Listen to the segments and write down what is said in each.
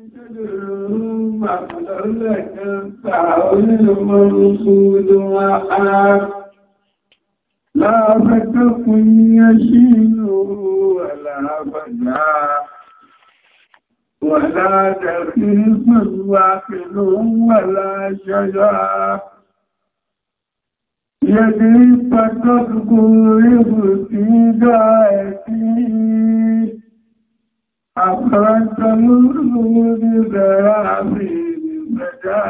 لا فتكن يشين ولا بدعا ولا تخيف واقل ولا شجاع يدري فتكن في دايته أخرجت نوره بذرابي بدا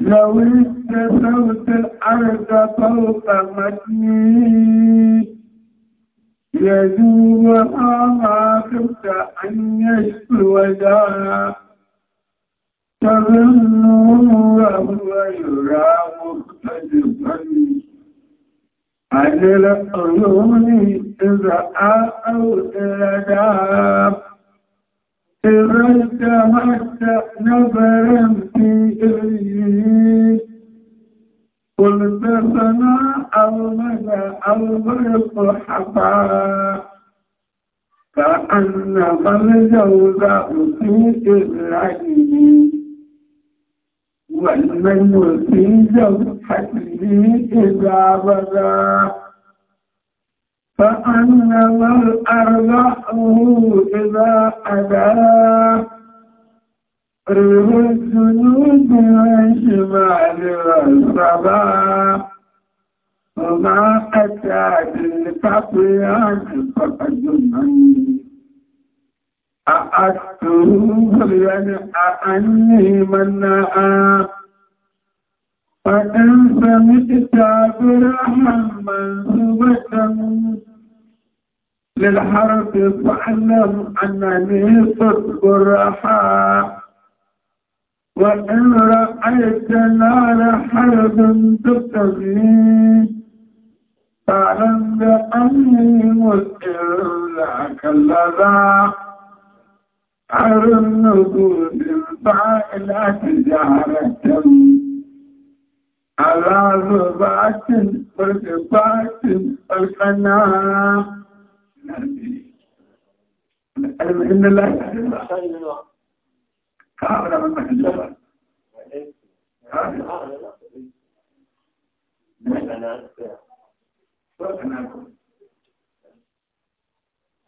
لو اتسوت الأرض فوق متني يدومها ما خفت أن يشكو دارا تظنه وهو يرى مختلفا عن العيون إذا أو إلى إذا اجتمعت نظرا في إليه قلت سنا أو مدى أو ضيق حفا كأنما الجوزاء في إبراهيم ومن يلقي زوجته إذا بدا فأنما الأرضعه إذا أداه الجنود والشمال والصبا وما أتى بالكفيان فقد مني أأتوه ينأني منعا فإن سمعت برحا منصوبة للحرف فاعلم أنني صدق الرحى وإن رأيت نار حرب تبتغي فاعلم بأني مسئل لك اللذا على النزول الفاعل تجارة على رباط برقبات القناة إن الله كابر من محلبة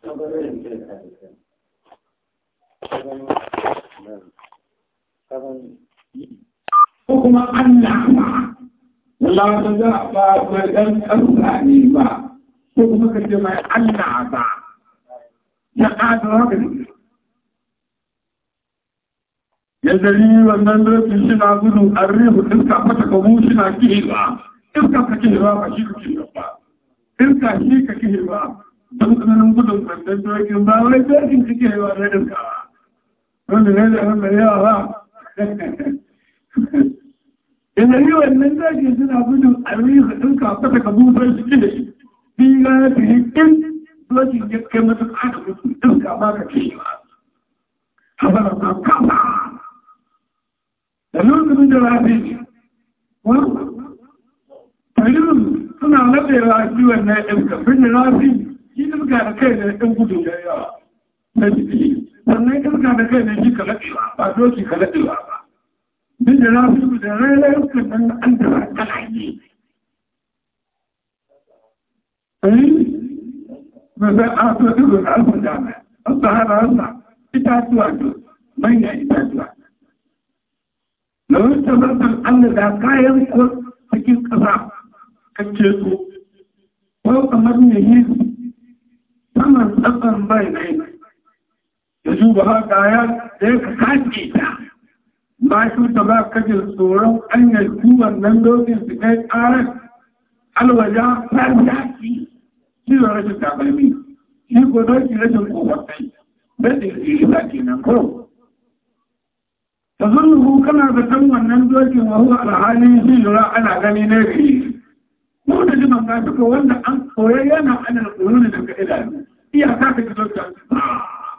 Thank you. ko kuma Allah ma Allah ba za a ba ba dan Allah ne ba ko kuma ka ce mai Allah ba ya ƙasa haka ne ya gari wannan lokacin shi na gudu an rihu iska fata ka mu shi na iska ka kihewa ba shi ka kihewa ba iska shi ka kihewa don tsananin gudun wannan dokin ba wai dokin ka kihewa na iska ba yawa inda yi wannan zaki suna gudun alwihu ɗin kafa ta kabu don su ƙi shi bi ga ya fi ɗin blokin ya kai mutum aka mutum ɗin kama ka ce ba haɓar ma kama da lokacin da rafi ne tarin suna naɗe rafi wannan ɗin kafin da rafi shi ɗin ga kai da ɗin gudun da yawa na jiki wannan kirka da kai ne shi kalaɗewa ba doki kalaɗewa ba duk da na su da ranar yankin nan an da ta haƙi ayi ba za a so duk da alfun dama an sahara Allah itatuwa to manya itatuwa na wata zartar Allah da kayan ko cikin ƙasa kacce su ko kamar ne yi saman tsatsan bai na yi يجوبها كايا ذلك حاجيتا ما شو تبا كجل سورة أن في سكاية آرس الوجاء فانتاكي شو رجل تعبالمي شو قدرت رجل قوتي بدل إيباكي نمكو تظنه كما بتم نندوكي وهو على حاله يرى على غني نبي مو نجم أن تكون القرون لك إلى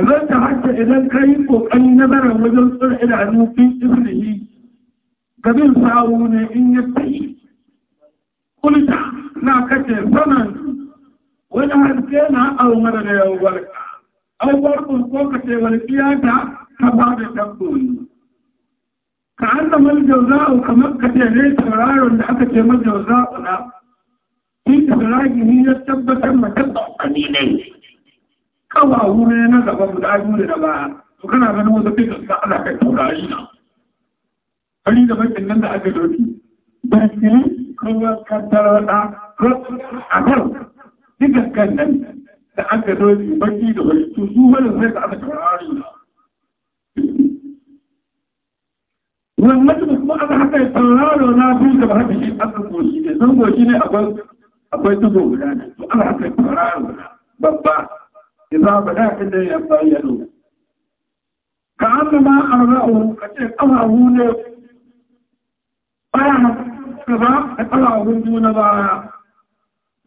zan ta haka idan ka yi ƙoƙari na barin wajen tsar idanu fi isrihi gabin sawu ne in ya tsaye kulta na kace sanan wani haske na almar da yawar auwar kun ko kace wani kiyata ta ba da tabboni ka an da maljauza kamar kace ne tauraron da aka ce maljauza na fi isrihi ya tabbatar ma tabbatar ne kawawu ne na gaba guda biyu da baya to kana ganin wasu fitar sa ana kai taurari na hari da bakin nan da aka doki bakin kowa kantar da a kan duka nan da aka doki baki da wani to su wani zai ka aka taurari na wannan mutum kuma aka haka ya tauraro na fi da ba haka shi aka goshi ne zan goshi ne akwai akwai tuzo guda ne to aka haka ya tauraro babba إذا بلاك دي يبينون كأنما أرأوا كتير قرأون بيانا كذا قرأون دون بايا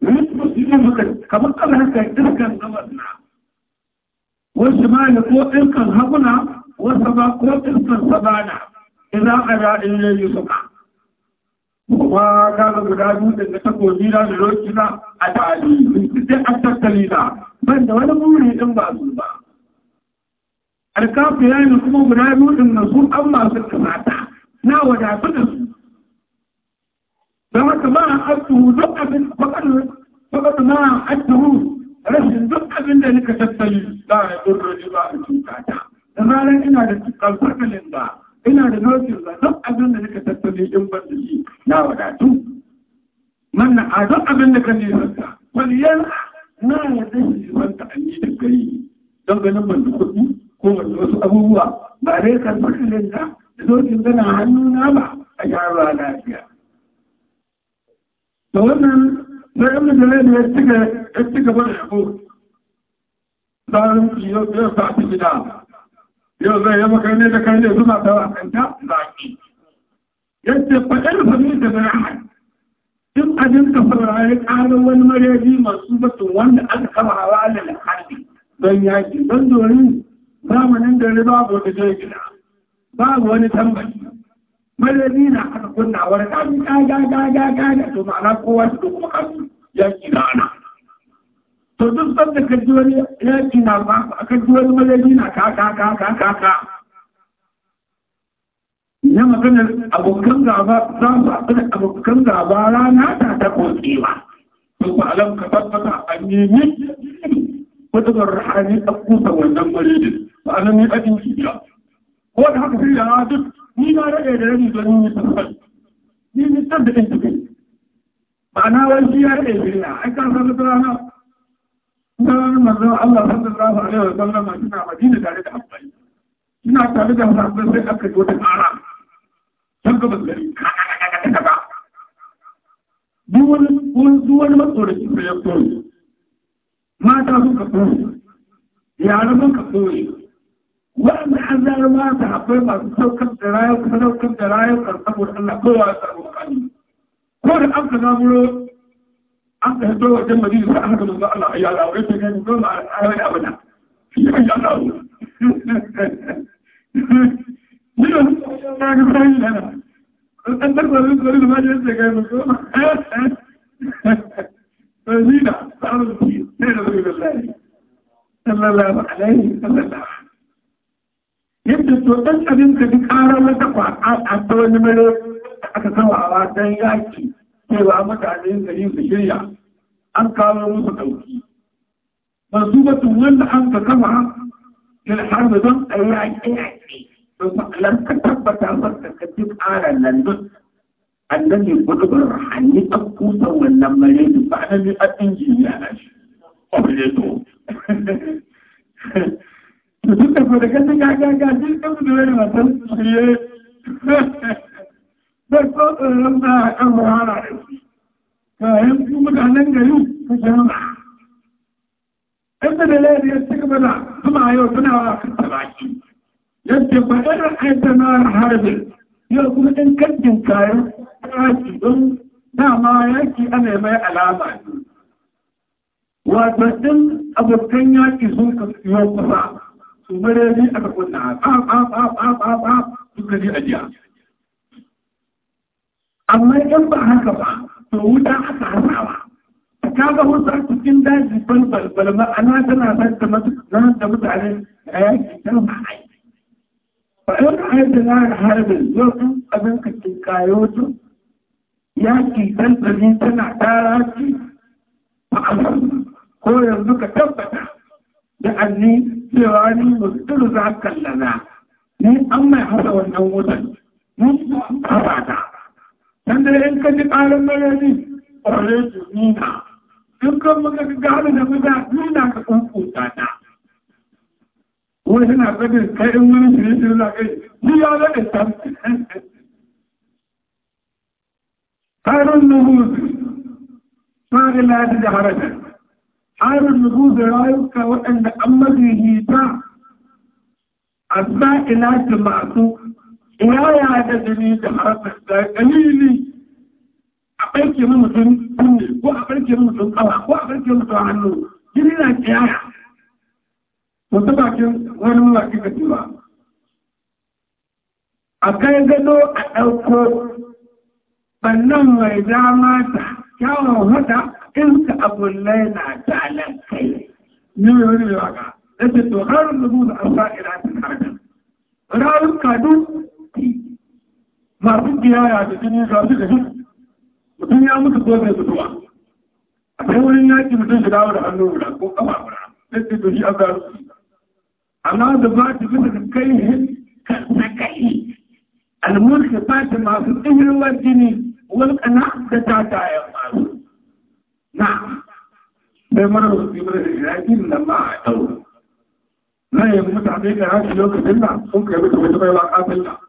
ويتبس يمكن كما قبل هكا تلك نمتنا والشمال قوة تلك هبنا والسبا قوة تلك سبانا إذا أرى إليه سبحانه kuma kaga guda biyu da ta takobi na da roki na a ta'ali sai a tattali na ban da wani buri in ba su ba alkafi ya ne kuma guda biyu din na su an masu kamata na wadatu da su don haka ma an abduhu duk abin faƙaɗu ma an abduhu rashin duk abin da nika tattali za a yi ɗorori ba a cuta ta da zarar ina da kalfakalin ba ina da nokin ba duk abin da nika tattali in ban da shi na wadatu manna a duk abin da ka nisanta kwaliyar na yarda da shi wanda an yi da gari don ganin ban da kuɗi ko wani wasu abubuwa ba dai karɓar linta da dokin gana hannu na ba a yara lafiya. Da wannan na ɗan majalai da ya ci gaba da yabo tsarin yau ya sa ta gida yau zai yaba kai ne da kai ne suna ta wakanta zaki. Yadda faɗar fami da zai duk abin ka farare ƙarin wani mareji masu batun wanda aka kama hawa alal hali don yaƙi don domin zamanin gari babu wani jirgina babu wani tambaci mareji na haka kunnawar ƙafi ƙaga to ma'ana kowa su duk kuma ƙafi yaƙi na ana to duk sanda ka ji wani yaƙi na ba ka ji wani mareji na ka ka ka ka ka na maganar abokan gaba za su haɗu da abokan gaba rana ta ta kotsewa Ba ku alam ka tabbata a nemi wata ga rahani a kusa wannan maridin ba a nan ajin shiga ko da haka sai da duk ni na rage da rani don yi tafai ni ni san da ɗin tafi ma'ana wani shi ya rage birna ai kan san da rana na manzon Allah sallallahu alaihi wa sallam suna madina tare da abai ina tare da hasan sai aka yi da tsara don gabas gari duk wani matsoraci da ya koyi mata suka koyi yara suka koyi waɗanda an zara mata akwai masu saukar da rayuwar sadaukar da rayuwar saboda Allah kowa ya sarwa kani ko da an ka zamuro an ka hito wajen madina sai aka gano Allah ya lawo ya ce gani dole a rayuwar abada shi ne ya lawo nínú ẹgbẹ́ ìlànà ẹgbẹ́gbẹ̀rẹ̀ lórí máa jẹ́ ṣe gẹ́gẹ́ lórí ẹ̀ẹ́sẹ̀ẹ́sẹ̀ sáàrùn sí ẹ̀rọ ìrẹ̀lẹ́ sallallahu alaihi sallallahu yadda to ɗan abin ka duk ƙarar wata kwaƙa a ta wani mere aka sawawa don yaki cewa mutane gari su shirya an kawo musu ɗauki masu batun wanda an ka kama ilhar da don a yaƙi yaƙi to sakalan ka tabbata maka ka ji ƙara nan duk annabi gudubar hanyi a kusan wannan mare ba annabi a injiniya na shi obleto to duk da kuma daga ga ga ga duk da wani matan shirye ba ko tsoron ba a kan yadda faɗar aizanar harbi yau kuma ɗin kaddin kayan yaki don dama yaki ana mai alama ne wato ɗin abokan yaki sun kasuwa kusa su mare ne a kakunna ba suka ji ajiya amma in ba haka ba to wuta aka hasawa ta ga wasu a cikin daji balbal balma ana tana zanta mutane a yaki tana ma'ai faɗin haidunar harbin zofin abin ka ke kayo su yaƙi ɗanɗani tana tara ce ko yanzu ka tabbata da anni cewa ni mutum za kallana ni an mai hasa wannan wutan ni hasa ta dan da in ka ji ƙarin bayani ƙwararre su nina in kan muka ga gane da muka nina ka kunkuta ta wani na gudun kai in wani suna kai ni ya daɗe ta tsarin nuhuzi tsarin lati da harajar tsarin nuhuzi rayuka waɗanda an mazihita a sa'ilati masu yaya da jini da harajar da ƙalili a ɓarke mutum kunne ko a ɓarke mutum ƙawa ko a ɓarke mutum hannu jini na ƙiyaya mutum bakin wani mawaƙi ka ba a kai gado a ɗauko ɓannan mai dama ta kyawun in ka abullai na dalar kai ne wani yawa ga da ce to har zubu da an sa'ira ta harkar rawun kadu masu biyaya da jini za su gashi mutum ya mutu ko zai mutuwa a kai wurin yaki mutum shi dawo da hannu guda ko kafa guda da ce to shi an zaru amma da ba ta bisa da kai na kai الملحقات masu ɗiruwar jini walƙana da ta tayan masu na bai mara wasu jimar da shirakin da ma a ɗaura na yanzu mutane da rashi lokacin da sun kai wata wata bai waƙa billa